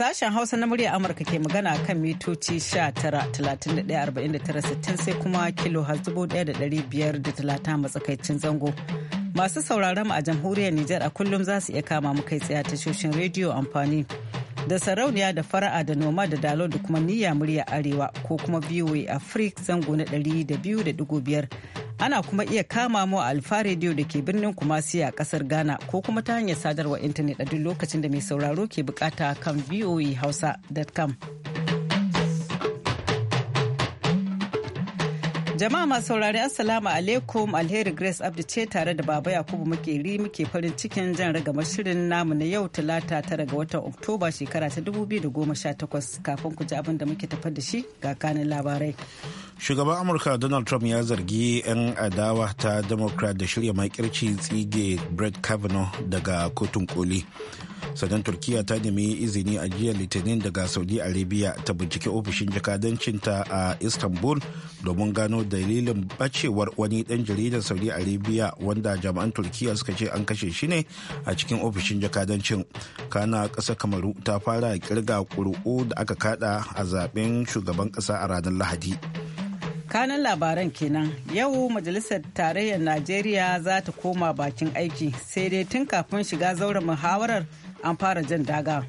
Sashen Hausa na murya Amurka ke magana kan mitoci 19,31,49,60 sai kuma kilo talata matsakaicin zango. Masu sauraron mu a jamhuriyar Nijar a kullum za su iya kama mu kai tsaye tashoshin rediyo amfani da sarauniya da fara'a da noma da dalo da kuma niyya murya arewa ko kuma voa afrik zango na da da biyu 200.5 ana kuma iya kama mu a alfa rediyo da ke birnin kumasi a kasar ghana ko kuma ta hanyar sadarwa intanet a duk lokacin da mai sauraro ke bukata kan voahausa.com Jama'a masu saurari Assalamu alaikum Alheri Grace abdu ce tare da Baba Yakubu muke ri muke farin cikin jan ragamar shirin namu na yau Talata tara ga watan Oktoba shekara ta dubu biyu da goma sha takwas kafin ku ji abin da muke tafar da shi ga kanin labarai. Shugaban Amurka Donald Trump ya zargi 'yan adawa ta Democrat da shirya makirci tsige Brett Kavanaugh daga kotun koli. sannan turkiya ta nemi izini a jiya litinin daga saudi arabia ta binciki ofishin jakadancinta a istanbul domin gano dalilin bacewar wani ɗan jaridar saudi arabia wanda jami'an turkiya suka ce an kashe shi ne a cikin ofishin jakadancin kana ƙasa kamaru ta fara kirga ƙuri'u da aka kada a zaben shugaban ƙasa a ranar lahadi kanan labaran kenan yau majalisar tarayyar najeriya za ta koma bakin aiki sai dai tun kafin shiga zauren muhawarar an fara jan daga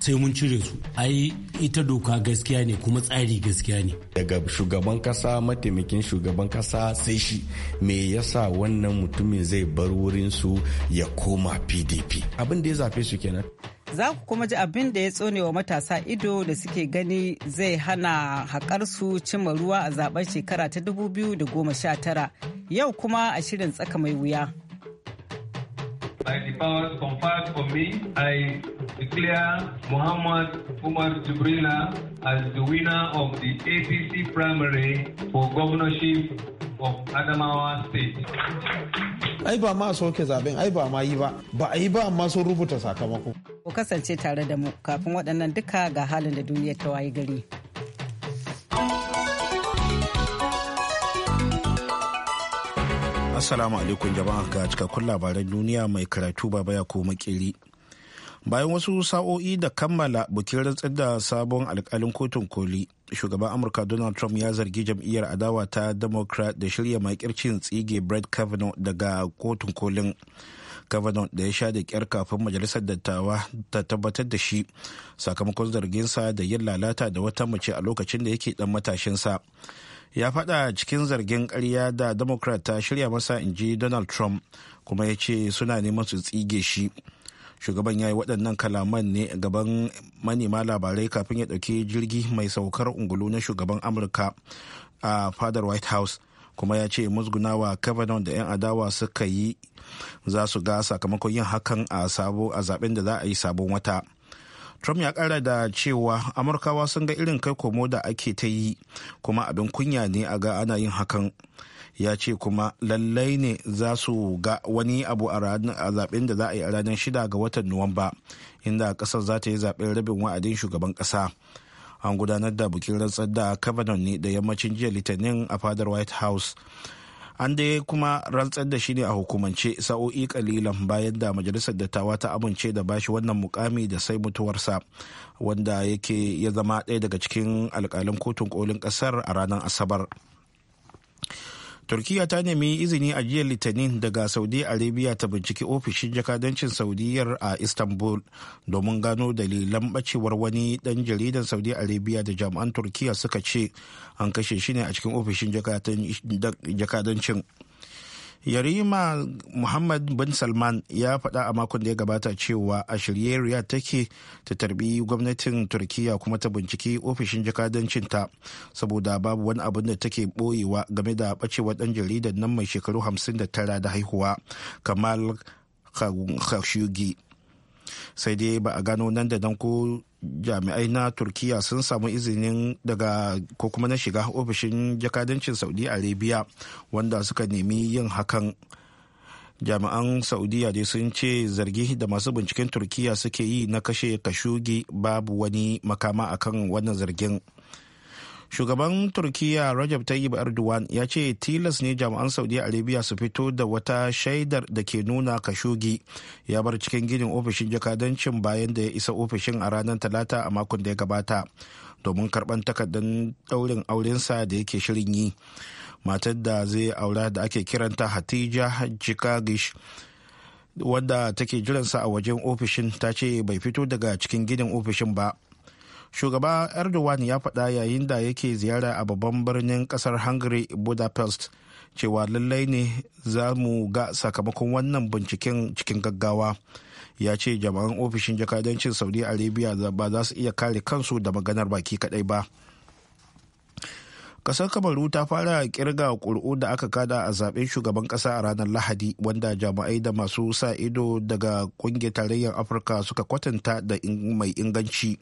sai mun cire su ai ita doka gaskiya ne kuma tsari gaskiya ne daga shugaban kasa mataimakin shugaban kasa sai shi me yasa wannan mutumin zai bar wurin su ya koma pdp abin da ya zafe su kenan za ku kuma ji abin da ya tsone wa matasa ido da suke gani zai hana haƙar su cimma ruwa a zaben shekara ta 2019 yau kuma a shirin tsaka mai wuya by the powers conferred for me, I declare Muhammad Umar Jibrila as the winner of the APC primary for governorship of Adamawa State. Ai ba ma soke zaben, ai ba ma yi ba, ba a yi ba amma sun rubuta sakamako. Ku kasance tare da mu kafin waɗannan duka ga halin da duniya ta wayi gari. Assalamu alaikum jama'a ga cikakkun labaran duniya mai karatu baba ya ko makiri. Bayan wasu sa'o'i da kammala bukin rantsar da sabon alkalin kotun koli, shugaban Amurka Donald Trump ya zargi jam'iyyar adawa ta Democrat da shirya makircin tsige Brett Kavanaugh daga kotun kolin. Kavanaugh da ya sha da kyar kafin majalisar dattawa ta tabbatar da shi sakamakon zarginsa da yin lalata da wata mace a lokacin da yake dan matashinsa. ya faɗa cikin zargin karya da democrat ta shirya masa in ji donald trump kuma ya ce suna neman su tsige shi shugaban ya yi waɗannan kalaman ne gaban manema labarai kafin ya ɗauki jirgi mai saukar ungulu na shugaban amurka a fadar white house kuma ya ce musgunawa kavanaugh da 'yan adawa suka yi za su ga sakamakon yin hakan a a zaben da za a yi sabon wata trump ya kara da cewa amurkawa sun ga irin kai komo da ake ta yi kuma abin kunya ne a ga ana yin hakan ya ce kuma lallai ne za su ga wani abu a zaben da za a yi a ranar shida ga watan nuwamba inda kasar za ta yi zaben rabin wa'adin shugaban kasa an gudanar da bukin rantsar da kavanaugh ne da yammacin jiya litinin a fadar white house an dai kuma rantsar da shi ne a hukumance sa'o'i kalilan bayan da majalisar dattawa ta amince da bashi wannan mukami da sai mutuwarsa wanda yake ya zama ɗaya daga cikin alkalin kotun kolin ƙasar a ranar asabar turkiya ta nemi izini a jiya litinin daga saudi arabia ta binciki ofishin jakadancin saudiyar a istanbul domin gano dalilan bacewar wani dan jaridan saudi arabia da jami'an turkiya suka ce an kashe shi ne a cikin ofishin jakadancin yarima muhammad bin salman ya faɗa a makon da ya gabata cewa a shirye riyad take ta tarbi gwamnatin turkiya kuma ta binciki ofishin jakadancinta saboda babu wani abin da take ɓoyewa game da ɓacewar ɗan jaridar nan mai shekaru 59 da haihuwa kamal khashoggi sai dai ba a gano nan da nan ko jami'ai na turkiya sun samu izinin daga ko kuma na shiga ofishin jakadancin saudi arabia wanda suka nemi yin hakan jami'an saudiya dai sun ce zargi da masu binciken turkiya suke yi na kashe kashugi babu wani makama akan wannan zargin. shugaban turkiya rajab tayyib erdogan ya ce tilas ne jami'an saudi arabia su fito da wata shaidar da ke nuna kashogi ya bar cikin ginin ofishin jakadancin bayan da ya isa ofishin a ranar talata a makon da ya gabata domin karban takardar daurin aurensa da yake shirin yi matar da zai aura da ake kiranta hatija jikagish wadda take jiransa a wajen ofishin ta ce bai fito daga cikin gidan ofishin ba shugaba erdogan ya faɗa yayin da yake ziyara a babban birnin ƙasar hungary budapest cewa lallai ne za mu ga sakamakon wannan binciken cikin gaggawa ya ce jama'an ofishin jakadancin saudi arabia ba za su iya kare kansu da maganar baki kadai ba kasar kamaru ta fara kirga ƙuri'u da aka kada a zaben shugaban kasa a ranar lahadi wanda jama'ai da masu sa ido daga kungiyar tarayyar afirka suka kwatanta da mai inganci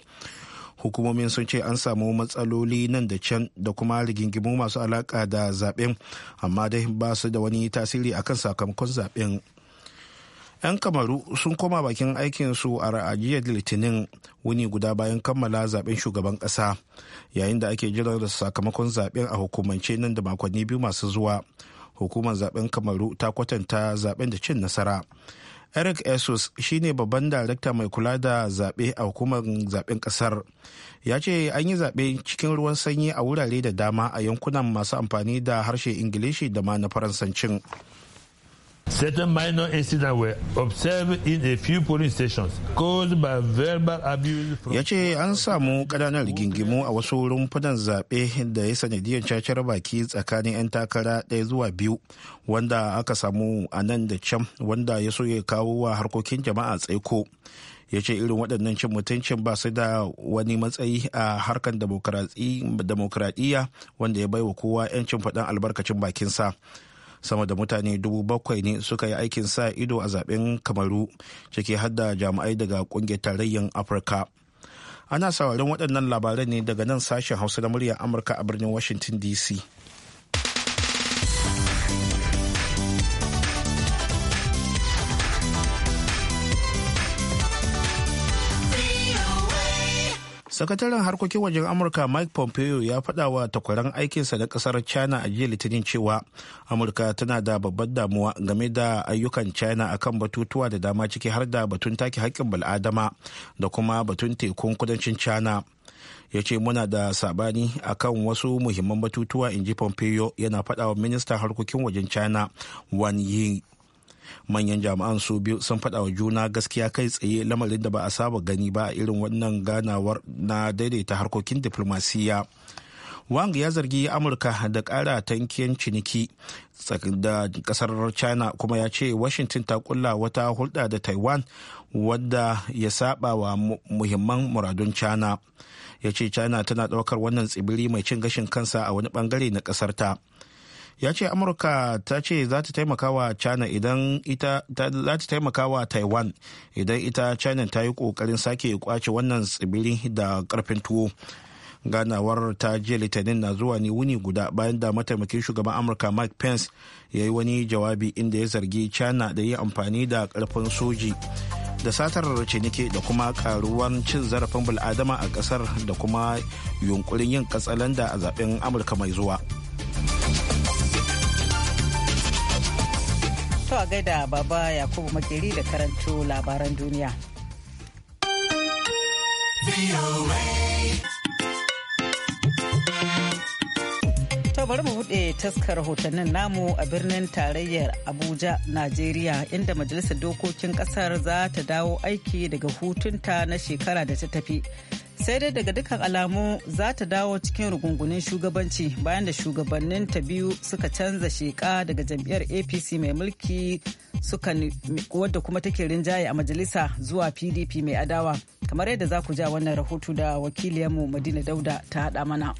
hukumomin sun ce an samu matsaloli nan da can da kuma rigingimu masu alaka da zaben amma dai ba su da wani tasiri akan sakamakon zaben 'yan kamaru sun koma bakin aikinsu a ra'ajiyar litinin wuni guda bayan kammala zaben shugaban kasa yayin da ake jiran da sakamakon zaben a hukumance nan da makonni biyu masu zuwa hukumar zaben kamaru ta kwatanta zaben da cin nasara eric esus shine babban darakta mai kula da zaɓe a hukumar zaɓen ƙasar ya ce an yi zaɓe cikin ruwan sanyi a wurare da dama a yankunan masu amfani da harshe ingilishi da ma na faransancin Certain minor incidents were observed in a few polling stations caused by verbal abuse. Ya ce an samu ƙananan rigingimu a wasu rumfunan zaɓe da ya sanadiyar cacar baki tsakanin 'yan takara ɗaya zuwa biyu wanda aka samu a nan da can wanda ya so ya kawo wa harkokin jama'a tsaiko. ya ce irin waɗannan cin mutuncin ba su da wani matsayi a harkar demokuraɗiyya wanda ya baiwa kowa 'yancin faɗin albarkacin bakinsa sama da mutane dubu bakwai ne suka yi aikin sa ido a zaben kamaru ciki har da jami'ai daga kungiyar tarayyan afirka ana sauraron waɗannan labaran ne daga nan sashen hausa na muryar amurka a birnin washington dc sakataren harkokin wajen amurka mike pompeo ya faɗa wa takwaran aikinsa na ƙasar china a jiya litinin cewa amurka tana da babbar damuwa game da ayyukan china akan batutuwa da dama ciki har da batun take haƙƙin bal'adama da kuma batun tekun kudancin china ya ce muna da sabani akan wasu muhimman batutuwa inji pompeo yana faɗa wa ministan harkokin wajen china wan yi manyan jami'an su biyu sun faɗa wa juna gaskiya kai tsaye lamarin da ba a saba gani ba a irin wannan ganawar na daidaita harkokin diflomasiyya wang ya zargi amurka da ƙara tankiyan ciniki da ƙasar china kuma ya ce washington ta kulla wata hulɗa da taiwan wadda ya saba wa muhimman muradun china ya ce china tana ɗaukar wannan tsibiri mai cin gashin kansa a wani bangare na ƙasarta ta ya ce amurka ta ce za ta taimaka wa china idan ita ta wa taiwan idan ita china ta yi kokarin sake kwace wannan tsibiri da karfin tuwo ganawar ta jiya litinin na zuwa ne wuni guda bayan da mataimakin shugaban amurka mike pence ya yi wani jawabi inda ya zargi china da yi amfani da karfin soji da satar ciniki da kuma karuwan cin zarafin bil'adama a kasar da kuma yunkurin yin katsalanda a zaben amurka mai zuwa. To a gaida baba Yakubu Makeri da karanto labaran duniya. To bari mu buɗe taskar hotonnin namu a birnin tarayyar Abuja, Najeriya inda Majalisar Dokokin Ƙasar za ta dawo aiki daga hutunta na shekara da ta tafi. sai dai daga dukkan alamu za ta dawo cikin rugungunin shugabanci bayan da shugabannin ta biyu suka canza sheka daga jam'iyyar apc mai mulki suka wadda kuma take rinjaye a majalisa zuwa pdp mai adawa kamar yadda za ku ja wannan rahoto da wakiliyarmu madina dauda ta hada mana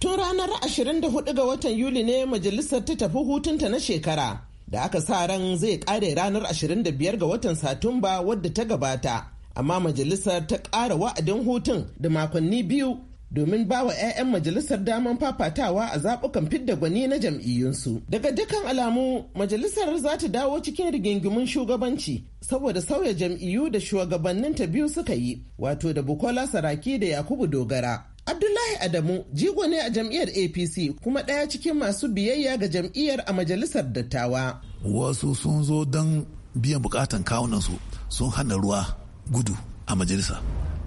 tun ranar 24 ga watan yuli ne majalisar ta tafi hutunta na shekara da aka sa ran zai kare ranar 25 ga watan satumba wadda ta gabata amma majalisar ta ƙara wa'adin hutun da makonni biyu domin ba wa 'ya'yan majalisar daman fafatawa a zaɓukan fidda gwani na jam'iyyunsu. Daga dukkan alamu, majalisar za ta dawo cikin rigingimun shugabanci saboda sauya jam'iyyu da shugabannin ta biyu suka yi, wato da Bukola Saraki da Yakubu Dogara. Abdullahi Adamu jigo ne a jam'iyyar APC kuma ɗaya cikin masu biyayya ga jam'iyyar a majalisar dattawa. Wasu sun zo don biyan bukatan kawunansu sun hana ruwa gudu a majalisa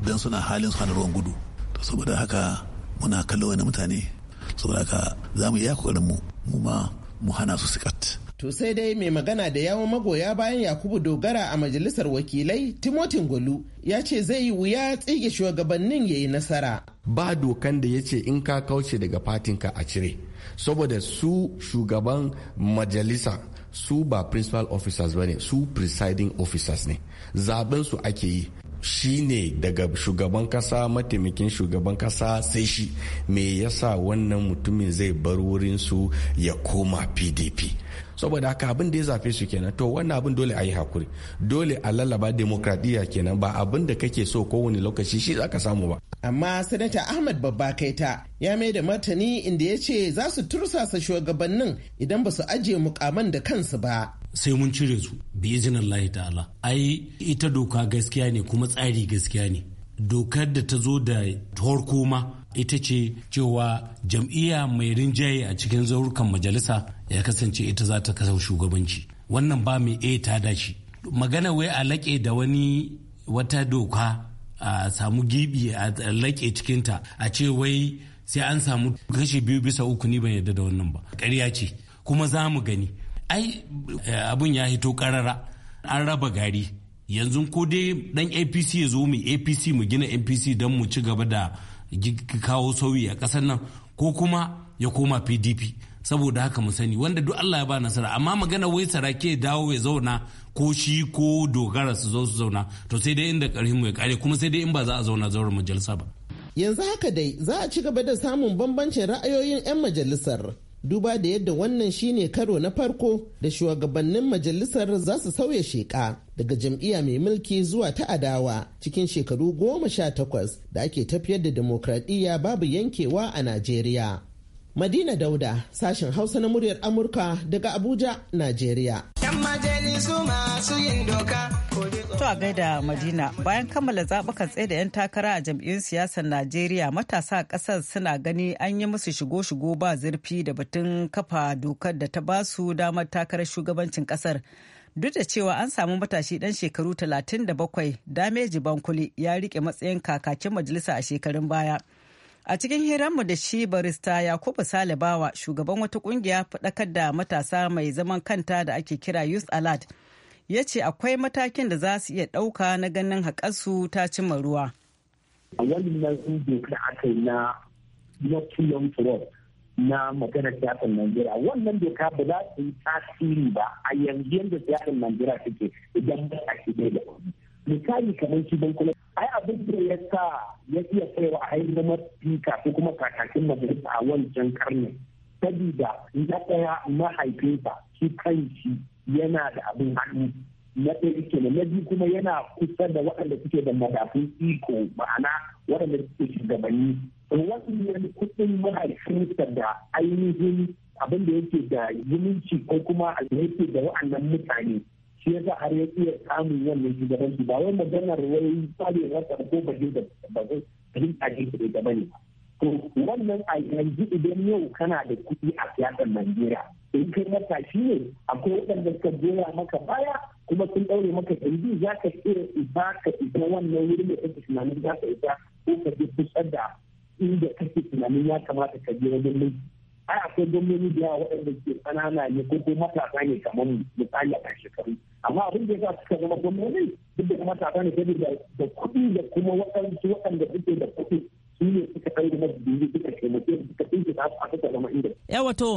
don suna halin su hana ruwan gudu saboda haka muna kallo wani mutane saboda haka za mu iya kokarin mu mu ma mu hana su sikat to sai dai mai magana da yawon magoya bayan yakubu dogara a majalisar wakilai timotin golu ya ce zai yi wuya tsige shugabannin ya yi nasara ba dokan da ya ce in ka kauce daga fatinka a cire saboda su shugaban majalisa su ba principal officers ba ne su presiding officers ne zaben su ake yi shi ne daga shugaban kasa mataimakin shugaban kasa sai shi me yasa wannan mutumin zai bar wurin su ya koma pdp saboda haka abin da ya zafe su kenan to wannan abin dole a yi hakuri dole a lallaba demokradiyya kenan ba abin da kake so kowane lokaci shi zaka samu ba amma sanata ahmad babba kaita ya mai da martani inda ya ce za su tursasa shugabannin idan ba su ajiye mukaman da kansu ba sai mun cire su bi izinin lahi ta'ala ai ita doka gaskiya ne kuma tsari gaskiya ne dokar da ta zo da horko ma ita ce cewa jam'iyya mai rinjaye a cikin zaurukan majalisa ya kasance ita za ta kasa shugabanci wannan ba mai e ta dashi magana wai a laƙe da wani wata doka a samu gibi a laƙe cikinta a ce wai sai an samu kashi biyu bisa uku ni ban yarda da wannan ba karya ce kuma za mu gani ai eh, abun ya hito ƙarara an raba gari yanzu ko dai dan apc ya zo mu apc mu gina apc don mu ci gaba da kawo sauyi a ƙasar nan ko kuma ya koma pdp saboda haka mu sani wanda duk Allah ya ba nasara amma magana wai sarake dawo ya zauna ko shi ko dogara su zo su zauna to sai dai inda karhin mu ya kare kuma sai dai in ba za a zauna zaura majalisa ba yanzu haka dai za a ci gaba da samun bambancin ra'ayoyin 'yan majalisar duba da yadda wannan shine karo na farko da shugabannin majalisar za su sauya sheka daga jam'iyya mai mulki zuwa ta adawa cikin shekaru goma sha takwas da ake tafiyar da demokradiyya babu yankewa a najeriya Madina Dauda, sashen Hausa na muryar Amurka daga Abuja, Najeriya. To a gaida Madina, bayan kammala zaɓukan tsaye da 'yan takara a jam'iyyun siyasar Najeriya, matasa a ƙasar suna gani an yi musu shigo-shigo ba zurfi da batun kafa dokar da ta ba su damar takarar shugabancin ƙasar. Duk da cewa an samu matashi ɗan shekaru 37 Dameji Bankuli ya riƙe matsayin kakakin majalisa a shekarun baya. A cikin hiranmu da shi barista Yakubu Salibawa shugaban wata kungiya faɗakar da matasa mai zaman kanta da ake kira Youth Alert ya ce akwai matakin da za su iya ɗauka na ganin haƙarsu ta cimma ruwa. A wannan doka na not too na maganar siyasar Najeriya wannan doka ba za su yi tasiri ba a yanzu yadda siyasar Najeriya suke idan ba a da misali kamar shi don kuma ai abin da ya sa ya iya kaiwa a yi zama fika ko kuma kakakin majalisa a wancan karni sabida na ɗaya mahaifinsa shi kanshi yana da abin hannu na ɗaya da na biyu kuma yana kusa da waɗanda suke da madafun iko ma'ana waɗanda suke shugabanni wannan kuɗin mahaifinsa da ainihin abin da yake da zumunci ko kuma yake da waɗannan mutane shi sa har ya iya samun wannan su ba wai maganar wai tsare wata ko ba da ba zai yi ne su da ba to wannan a yanzu idan yau kana da kuɗi a siyasar Najeriya in kai matashi ne akwai waɗanda suka goya maka baya kuma sun ɗaure maka ɗanbi za ka iya ba ka isa wannan wurin da kake tunanin za ka isa ko ka je kusa da inda kake tunanin ya kamata ka je wajen mulki ai akwai gwamnoni da yawa waɗanda ke ƙanana ne ko kuma matasa ne kamar misali a shekaru amma abin da ya sa suka zama gwamnoni duk da matasa ne saboda da kuɗi da kuma waɗansu waɗanda suke da kuɗi su ne suka kai da mafi biyu suka taimake suka tsinke ta a suka zama inda. yawato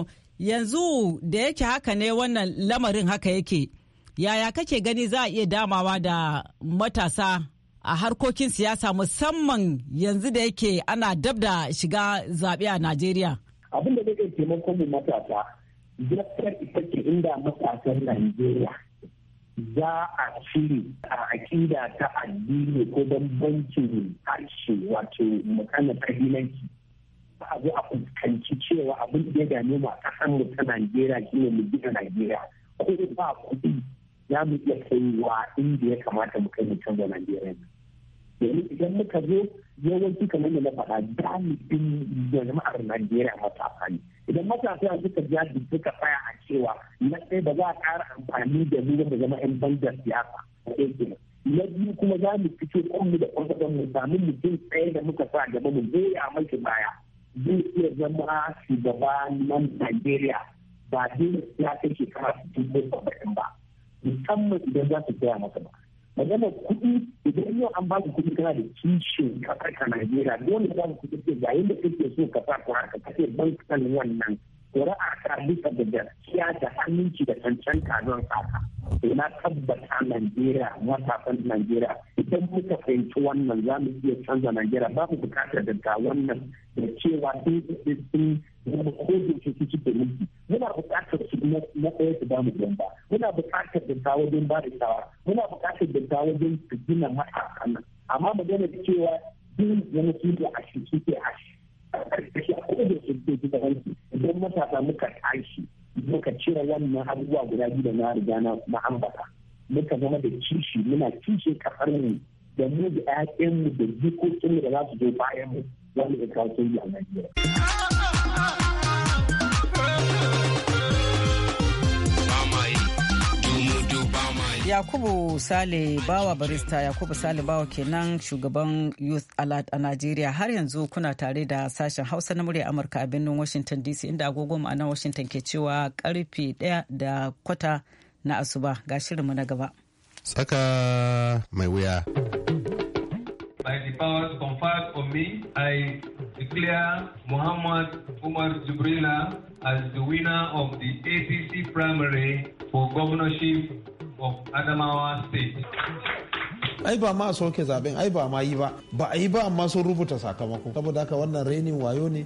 yanzu da yake haka ne wannan lamarin haka yake yaya kake gani za a iya damawa da matasa a harkokin siyasa musamman yanzu da yake ana dab da shiga zaɓe a Najeriya. Abin da zai taimakon mu matasa gaskiyar ita ke inda matasan Najeriya za a cire a aƙida ta addini ko bambancin harshe wato makana kabilanci a zo a fuskanci cewa abin da ya dame mu a ƙasar mu ta Najeriya shine mu gina Najeriya ko ba kuɗi za mu iya kaiwa inda ya kamata mu kai mu canza Najeriya Yanzu idan muka zo yawanci kamar da na faɗa galibin jama'ar Najeriya matasa amfani. Idan matasa suka jaji suka tsaya a cewa na ɗaya ba za a ƙara amfani da mu da zama 'yan bandar siyasa a ɗaya Na biyu kuma za mu fito kanmu da ƙwarƙwaron mu samu mutum tsaye da muka sa gaba mu zai a mashi baya. Zai iya zama shugaba na Najeriya ba dai ya kai shekara su cikin ba. Musamman idan za su tsaya masa ba. magana kuɗi idan yau an ba kuɗi kana da kishin kasar ta Najeriya dole ba ku kuɗi ga yadda kake so ka sa haka ka ban kan wannan ƙuri'a ta bisa da gaskiya da aminci da cancanta don saka ina na tabbata Najeriya matasan Najeriya idan muka fahimci wannan za mu iya canza Najeriya ba mu bukatar da wannan da cewa sun zama ko da ke cikin da mulki muna buƙatar su na ɗaya su ba mu gamba muna buƙatar da ta wajen ba da shawara muna buƙatar da ta wajen su gina matasa nan amma magana da cewa duk wani su da ashi suke ashi kashi a ko da su ke cikin mulki idan matasa muka tashi muka cire wannan abubuwa guda biyu da na riga na ambata muka zama da kishi muna kishin kasar mu da mu da 'ya'yanmu da jikokinmu da za su zo bayan mu kawo canji a Najeriya. Yakubu Sale Bawa barista Yakubu Sale Bawa kenan shugaban Youth Alert a Najeriya har yanzu kuna tare da sashen Hausa na murya Amurka a birnin Washington DC inda agogo ma'ana Washington ke cewa karfe daya da kwata na asuba ga shirinmu na gaba. Tsaka mai wuya. by the powers conferred on me, I declare Muhammad Umar Zubrila as the winner of the APC primary for governorship of Adamawa State. ai ba ma soke zaben ai ba ma yi ba ba a yi ba amma sun rubuta sakamako saboda haka wannan renin wayo ne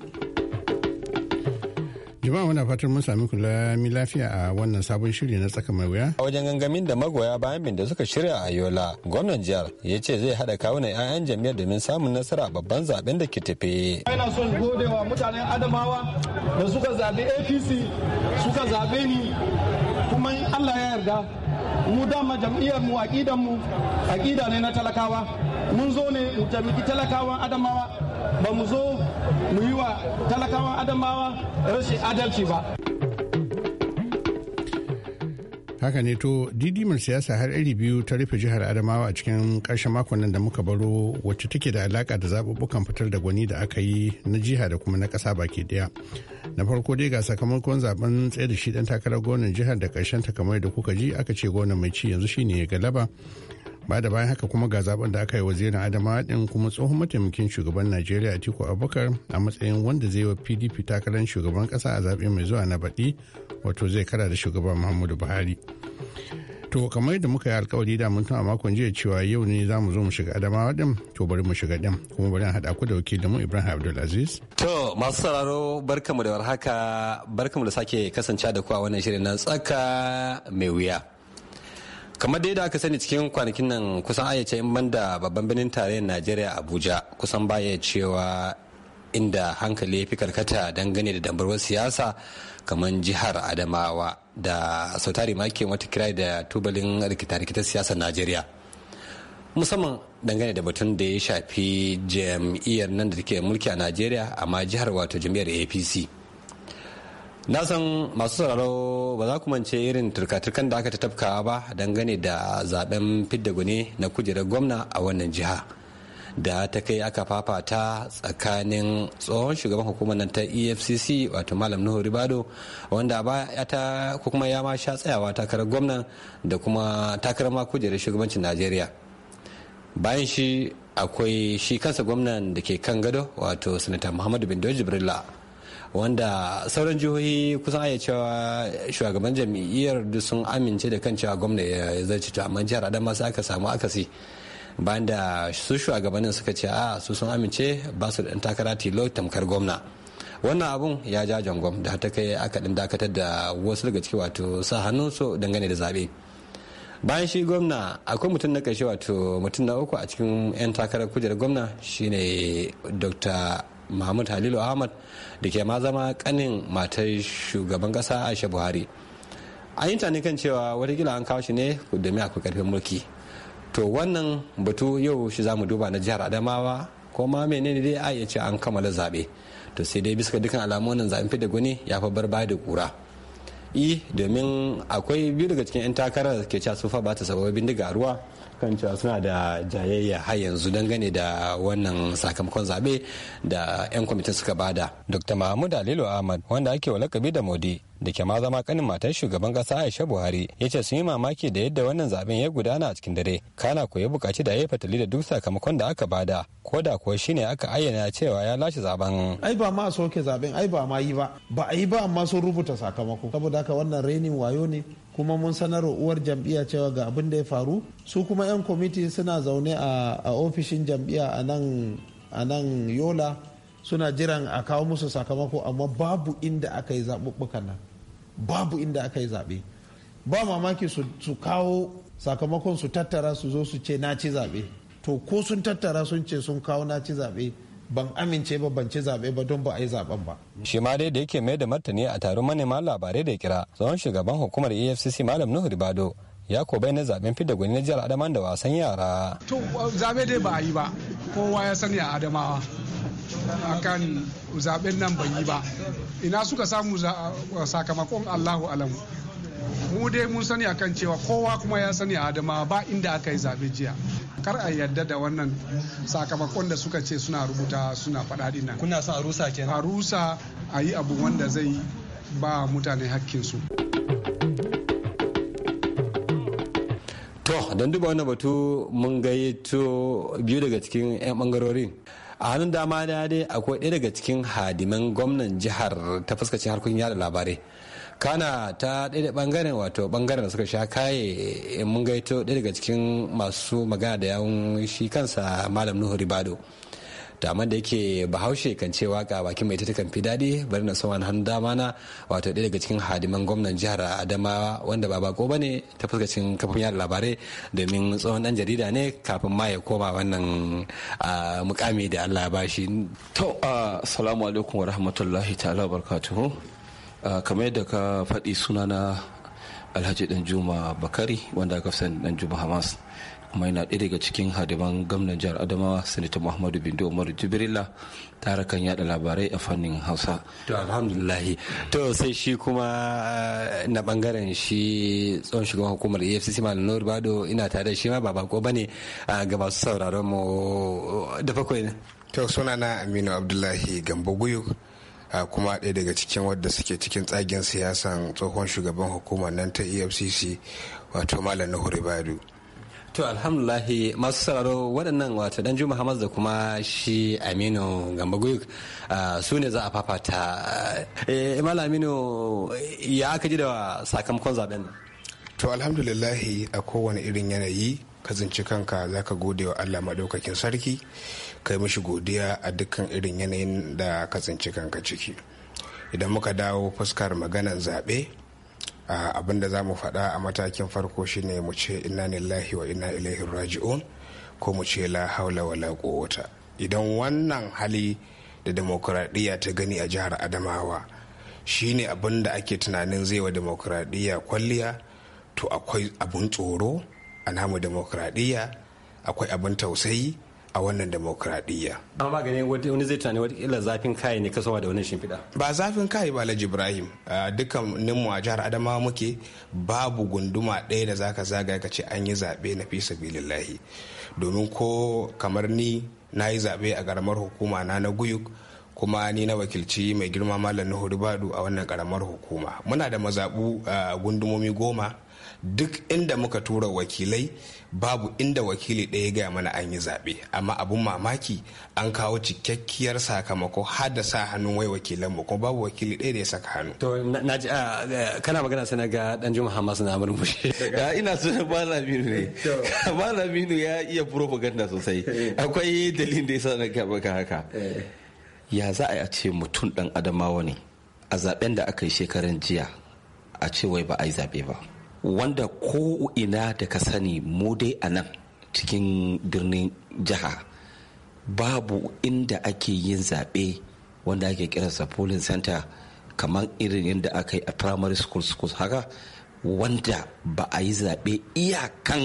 jama'a muna fatan mun sami kula mi lafiya a wannan sabon shiri na tsaka mai wuya a wajen gangamin da magoya bayan bin da suka shirya a yola gwamnan jihar ya ce zai hada kawunan 'ya'yan jami'ar domin samun nasara a babban zaben da ke tafe ina son wa mutanen adamawa da suka zabe apc suka zabe ni kuma allah ya yarda mu dama jam'iyyar mu aqidan mu aqida ne na talakawa mun zo ne mu talakawan adamawa ba mu zo mu yi wa talakawan adamawa rashin adalci ba haka ne to didimar siyasa har iri biyu ta rufe jihar adamawa a cikin ƙarshen makon nan da muka baro wacce take da alaƙa da zaɓuɓɓukan fitar da gwani da aka yi na jiha da kuma na ƙasa baki ɗaya na farko dai ga sakamakon zaben tsaye da shi ɗan takarar gwamnan jihar da ƙarshen ta kamar da kuka ji aka ce gwamnan mai ci yanzu shine galaba ba da bayan haka kuma ga zaben da aka yi wazirin adama din kuma tsohon mataimakin shugaban najeriya atiku abubakar a matsayin wanda zai wa pdp takarar shugaban kasa a zaɓe mai zuwa na baɗi wato zai kara da shugaban muhammadu buhari to kamar da muka yi alkawari da mun a makon jiya cewa yau ne za mu zo mu shiga adamawa din to bari mu shiga din kuma bari an haɗa ku da mu ibrahim abdulaziz to masu sauraro barkamu da warhaka barkamu da sake kasance da ku a wannan shirin na tsaka mai wuya kamar dai da aka sani cikin kwanakin nan kusan ayyace in banda babban birnin tarayyar najeriya abuja kusan baya cewa inda hankali ya fi karkata dangane da dambarwar siyasa kamar jihar adamawa da sautari make wata kira da tubalin rikita-rikitar siyasar najeriya musamman dangane da batun da ya shafi jam'iyyar nan da take mulki a najeriya amma jihar wato jam'iyyar apc na san masu sauraro ba za ku mance irin turka da aka tafka ba dangane da zaben fidda gune na kujerar gwamna a wannan jiha da ta kai aka fafata tsakanin tsohon shugaban hukumar nan ta efcc wato malam nuhu ribado wanda ba ta kuma ya ma sha tsayawa takarar gwamna da kuma takarar ma kujerar shugabancin najeriya bayan shi akwai shi kansa gwamnan da ke kan gado wato sanata muhammadu bin jibrila wanda sauran jihohi kusan aya cewa shugaban jam'iyyar duk sun amince da kan cewa gwamna ya zarce to amma jihar adama sai aka samu akasi bayan da su shugabannin suka ce a su sun amince ba su da takara tilo tamkar gwamna wannan abun ya ja jangon da ta kai aka din dakatar da wasu daga ciki wato sa hannun su dangane da zaɓe bayan shi gwamna akwai mutum na karshe wato mutum na uku a cikin 'yan takarar kujerar gwamna shine dr muhammad halilu ahmad da ke ma zama kanin matar shugaban kasa aisha buhari an yi tani kan cewa watakila an kawo shi ne domin akwai karfin mulki to wannan batu yau shi za mu duba na jihar adamawa ko ma menene dai a iya ce an kammala zaɓe to sai dai bisa dukkan alamu wannan zaɓen fidda gwani ya fa bar baya da kura i domin akwai biyu daga cikin 'yan takarar ke cewa sufa ba ta sababin bindiga ruwa kan cewa suna da jayayya har yanzu dangane da wannan sakamakon zaɓe da 'yan kwamitin suka bada. Dr. Mahmud Alilu Ahmad wanda ake wa lakabi da Modi da ke ma zama kanin matan shugaban kasa aisha buhari ya ce sun yi mamaki da yadda wannan zaben ya gudana a cikin dare kana ko ya bukaci da ya fatali da duk sakamakon da aka bada ko da kuwa shine aka ayyana cewa ya lashe zaben ai ba ma soke zaben ai ba ma yi ba ba a yi ba amma sun rubuta sakamako saboda haka wannan renin wayo ne kuma mun sanar uwar jam'iyya cewa ga abin da ya faru su kuma 'yan kwamiti suna zaune a ofishin jam'iyya a nan yola suna jiran a kawo musu sakamako amma babu inda aka yi zaɓuɓɓukan nan babu inda aka yi zaɓe ba mamaki su kawo sakamakon su tattara su zo su ce na ci zaɓe to ko sun tattara sun ce sun kawo na ci zaɓe ban amince ba ban ci zaɓe ba don ba a yi zaɓen ba. shi ma dai da yake mai da martani a taron manema labarai da kira tsohon shugaban hukumar efcc malam nuhu ribado ya ko bai na zaɓen fidda gwani na jihar adama da wasan yara. to zaɓe dai ba a yi ba kowa ya sani a adamawa akan zaɓen nan ban yi ba ina suka samu sakamakon allahu alamu mu dai mun sani akan cewa kowa kuma ya sani a adama ba inda aka yi zaɓe jiya kar a yarda da wannan sakamakon da suka ce suna rubuta suna faɗaɗi nan kuna son a rusa kenan a a yi abu wanda zai ba mutane hakkinsu to don duba wannan batu mun gayyato biyu daga cikin 'yan bangarorin a hannun dama da dai akwai ɗaya daga cikin hadiman gwamnan jihar ta fuskacin harkokin yada labarai kana ta ɗaya bangaren wato bangaren da suka sha kaye mun gaito ɗaya daga cikin masu magana da yawun shi kansa malam nuhu ribado da amma da yake bahaushe kan ce waka bakin mai ta kan fi daɗi bari na son hannun dama na wato ɗaya daga cikin hadiman gwamnan jihar adamawa wanda ba bako ba ne ta fuskacin kafin yada labarai domin tsohon ɗan jarida ne kafin ma ya koma wannan mukami da allah ya bashi to assalamu alaikum wa rahmatullahi ta'ala barkatuhu kamar yadda ka faɗi sunana alhaji danjuma bakari wanda aka fi sani danjuma hamas kuma yana ɗaya daga cikin hadiman gwamnan jihar adamawa sanita muhammadu bindu umar jibrila tarakan yada labarai a fannin hausa to alhamdulillahi to sai shi kuma eh, na bangaren shi tsohon shugaban hukumar efcc malam nur bado ina tare da shi ma ba bako bane ga masu sauraron mu eh, da bakwai to na aminu abdullahi gambo guyu kuma ɗaya daga cikin wadda suke cikin tsagen siyasan tsohon shugaban hukumar nan ta efcc wato malam nuhu ribadu To alhamdulahi masu sauraro waɗannan wato dan Juma Hamas da kuma shi Aminu Gambaguyuk ah, su ne za a fafata. Imal eh, eh, Aminu ya aka ji da sakamakon zaben To alhamdulillahi a kowane irin yanayi kasance kanka za ka gode wa Allah maɗaukakin sarki kai mishi godiya a dukkan irin yanayin da ka kasance kanka ciki. Idan muka dawo fuskar maganan zaɓe abin da za mu faɗa a matakin farko shine mu ce inna lillahi wa inna ilaihi raji'un ko mu ce la haula wa quwwata idan wannan hali da demokuraɗiyya ta gani a jihar adamawa shine abin da ake tunanin zai wa demokuraɗiyya kwalliya to akwai abin tsoro a namu demokuraɗiyya akwai abin tausayi a wannan demokradiyya. amma maganin wani zai tunani watakila zafin kai ne kasowa da wannan shimfiɗa. ba zafin kai ba alhaji ibrahim dukkanin mu a jihar adamawa muke babu gunduma ɗaya da zaka zaga ka ce an yi zaɓe na fi sabilillahi domin ko kamar ni na yi zaɓe a garamar hukuma na na guyuk kuma ni na wakilci mai girma malam na badu a wannan karamar hukuma muna da mazaɓu gundumomi goma duk inda muka tura wakilai babu inda wakili ɗaya ya gaya mana an yi zaɓe amma abun mamaki an kawo cikakkiyar sakamako har da sa hannun wai wakilan mu kuma babu wakili ɗaya da ya saka hannu. to na ji ah, eh, kana magana sana ga dan juma hamas na amur da ina so ba laminu ne ba laminu ya iya propaganda sosai eh. akwai dalilin da ya sa na ka haka eh. ya za a ce mutum dan adamawa ne a zaben da aka yi shekaran jiya a ce wai ba a yi zaɓe ba. wanda ko ina da ka sani mu dai a nan cikin birnin jiha babu inda ake yin zaɓe wanda ake kiransa polling center kamar irin yadda aka yi a primary school schools haka wanda ba a yi zaɓe iyakan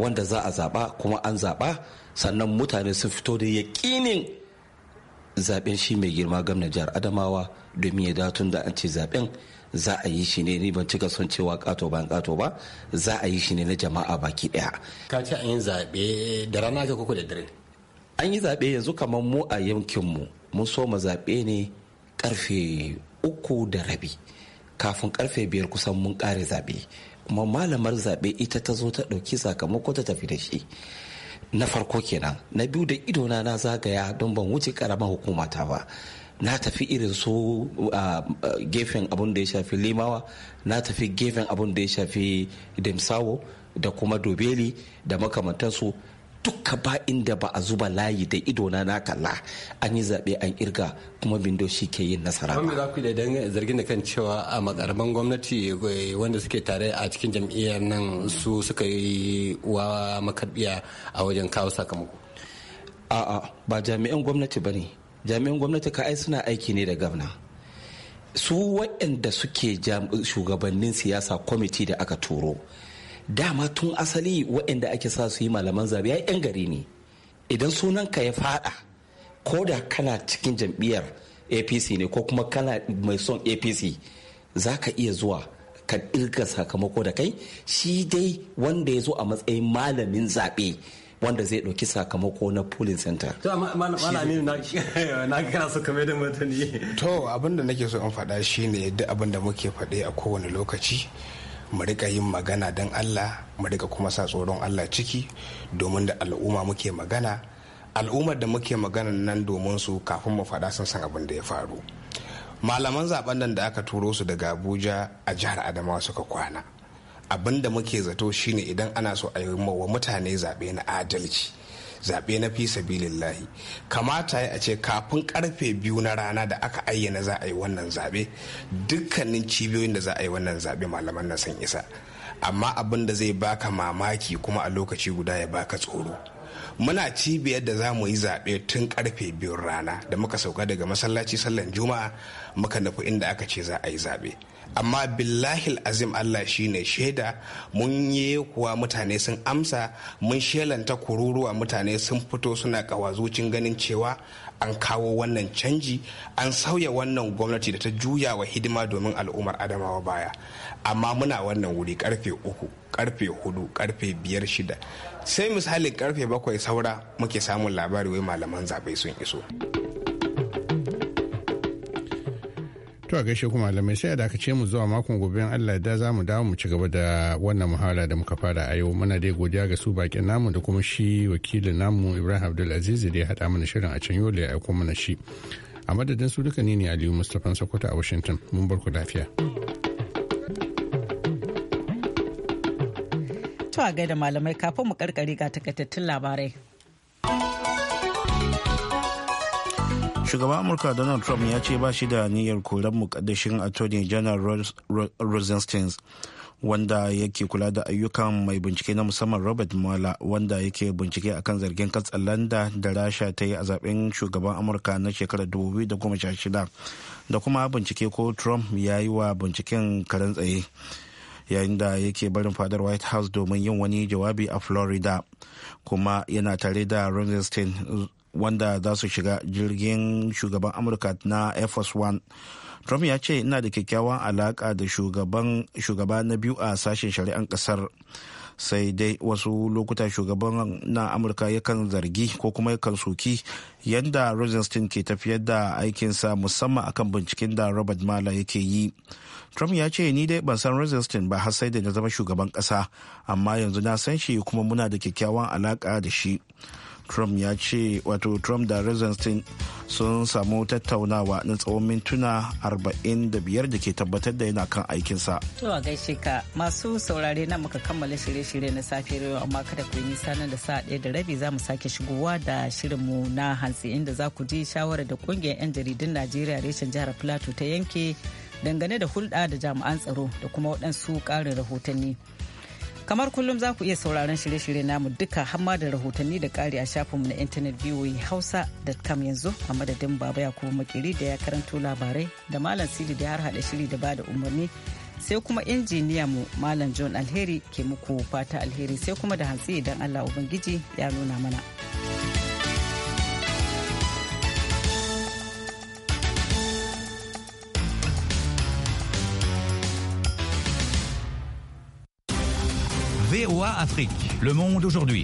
wanda za a zaɓa kuma an zaɓa sannan mutane sun fito da yaƙinin zaɓen shi mai girma gamna jihar adamawa domin ya da an ce zaɓen za a yi shi ne ni ban cika son cewa kato ban kato ba za a yi shi ne na jama'a baki daya ka ce an yi zaɓe da rana ga koko da dare an yi zaɓe yanzu kamar mu a yankinmu mun so mu zaɓe ne karfe uku da rabi kafin karfe biyar kusan mun ƙare zaɓe kuma malamar zaɓe ita ta zo ta ɗauki sakamako ta tafi da shi na farko kenan na biyu da idona na zagaya don ban wuce karamar hukumata ba na tafi irin su gefen abun da ya shafi limawa na tafi gefen abun da ya shafi demsawo da kuma dobeli da makamantansu duka ba inda ba a zuba layi da idona na kalla an yi zaɓe an irga kuma bindo shi ke yin nasara ba. za ku da zargin da kan cewa a makarban gwamnati eh, wanda suke tare a cikin jam'iyyar nan su suka yi wa makarbiya a wajen kawo sakamako. A'a ba jami'an gwamnati ba ne jami'an gwamnati ka ai suna aiki ne da gwamna su waɗanda suke shugabannin siyasa kwamiti da aka turo dama tun asali waɗanda ake sa su yi malaman zabe ya yan gari ne idan sunanka ya fada ko da kana cikin jam'iyyar apc ne ko kuma kana mai son apc za ka iya zuwa ka ɗirga sakamako da kai shi dai wanda ya zo a matsayin malamin zaɓe wanda zai ɗauki sakamako na polling center. To ne na kira su kame da mutane. To abin da nake so in faɗa shine yadda abin da muke faɗe a kowane lokaci mu rika yin magana don Allah mu rika kuma sa tsoron Allah ciki domin da al'umma muke magana al'ummar da muke magana nan domin su kafin mu faɗa sun san abin da ya faru malaman zaben nan da aka turo su daga Abuja a jihar Adamawa suka kwana abin da muke zato shine idan ana so a yi wa mutane zaɓe na adalci zaɓe na fi sabilillahi kamata ya ce kafin karfe biyu na rana da aka ayyana za a yi wannan zaɓe dukkanin cibiyoyin da za a yi wannan zaɓe malaman na san isa amma abin da zai baka mamaki kuma a lokaci guda ya baka tsoro muna cibiyar da za mu yi zaɓe tun karfe biyun rana da muka sauka daga masallaci sallan juma'a muka nufi inda aka ce za a yi zaɓe amma billahil azim Allah shi ne shaida mun yi kuwa mutane sun amsa mun shelanta kururuwa mutane sun fito suna kawazocin ganin cewa an kawo wannan canji an sauya wannan gwamnati da ta juya wa hidima domin al'ummar adamawa baya amma muna wannan wuri karfe uku karfe hudu karfe biyar shida sai misalin karfe bakwai saura muke samun labari wai malaman zaɓe sun iso. To gaishe kuma malamai sai da aka ce mu zuwa makon gobe in Allah da za mu dawo mu ci gaba da wannan muhawara da muka fara a yau muna dai godiya ga su bakin namu da kuma shi wakilin namu Ibrahim Abdul Aziz da ya haɗa mana shirin a can yole ya aiko mana shi. A madadin su duka ne ne Aliyu Mustafa Sokoto a Washington mun bar ku lafiya. To a da malamai kafin mu karkare ga takaitattun labarai. shugaban amurka donald trump ya ce ba shi da niyyar koren mukaddashin attorney general rosenstein wanda yake kula da ayyukan mai bincike na musamman robert mueller wanda yake bincike akan zargin landa da rasha ta yi a zaben shugaban amurka na shekarar 2016 da kuma bincike ko trump ya yi wa binciken karen tsaye yayin da yake barin fadar white house domin yin wani jawabi a florida kuma yana tare da rosenstein wanda za su shiga jirgin shugaban amurka na air force one trump ya ce ina da kyakkyawan alaka da shugaba na biyu a sashen shari'an kasar sai dai wasu lokuta shugaban na amurka yakan zargi ko kuma yakan soki yadda rosenstein ke tafiyar da aikinsa musamman akan binciken da robert mala yake yi trump ya ce ni dai ban san rosenstein ba har sai da na zama shugaban kasa amma yanzu na san shi kuma muna da kyakkyawan alaka da shi trump ya ce wato trump da rosenstein sun samu tattaunawa na tsawon mintuna 45 da ke tabbatar da yana kan aikinsa. To a gaishe ka masu saurare na muka kammala shirye-shirye na safe rewa amma kada ku yi nisa nan da sa'a ɗaya da rabi za mu sake shigowa da shirinmu na hantsi inda za ku ji shawarar da kungiyar 'yan jaridun Najeriya reshen jihar Plateau ta yanke dangane da hulɗa da jami'an tsaro da kuma waɗansu ƙarin rahotanni. kamar kullum za ku iya sauraron shirye-shirye namu duka hamma da rahotanni da kari a shafinmu na intanet voa hausa.com yanzu a madadin baba ya kuma makiri da ya karanto labarai da malam sidi da har hada shiri da bada umarni sai kuma injiniya mu malam john alheri ke muku fata alheri sai kuma da hantsi idan allah ubangiji ya nuna mana. OA Afrique. Le monde aujourd'hui.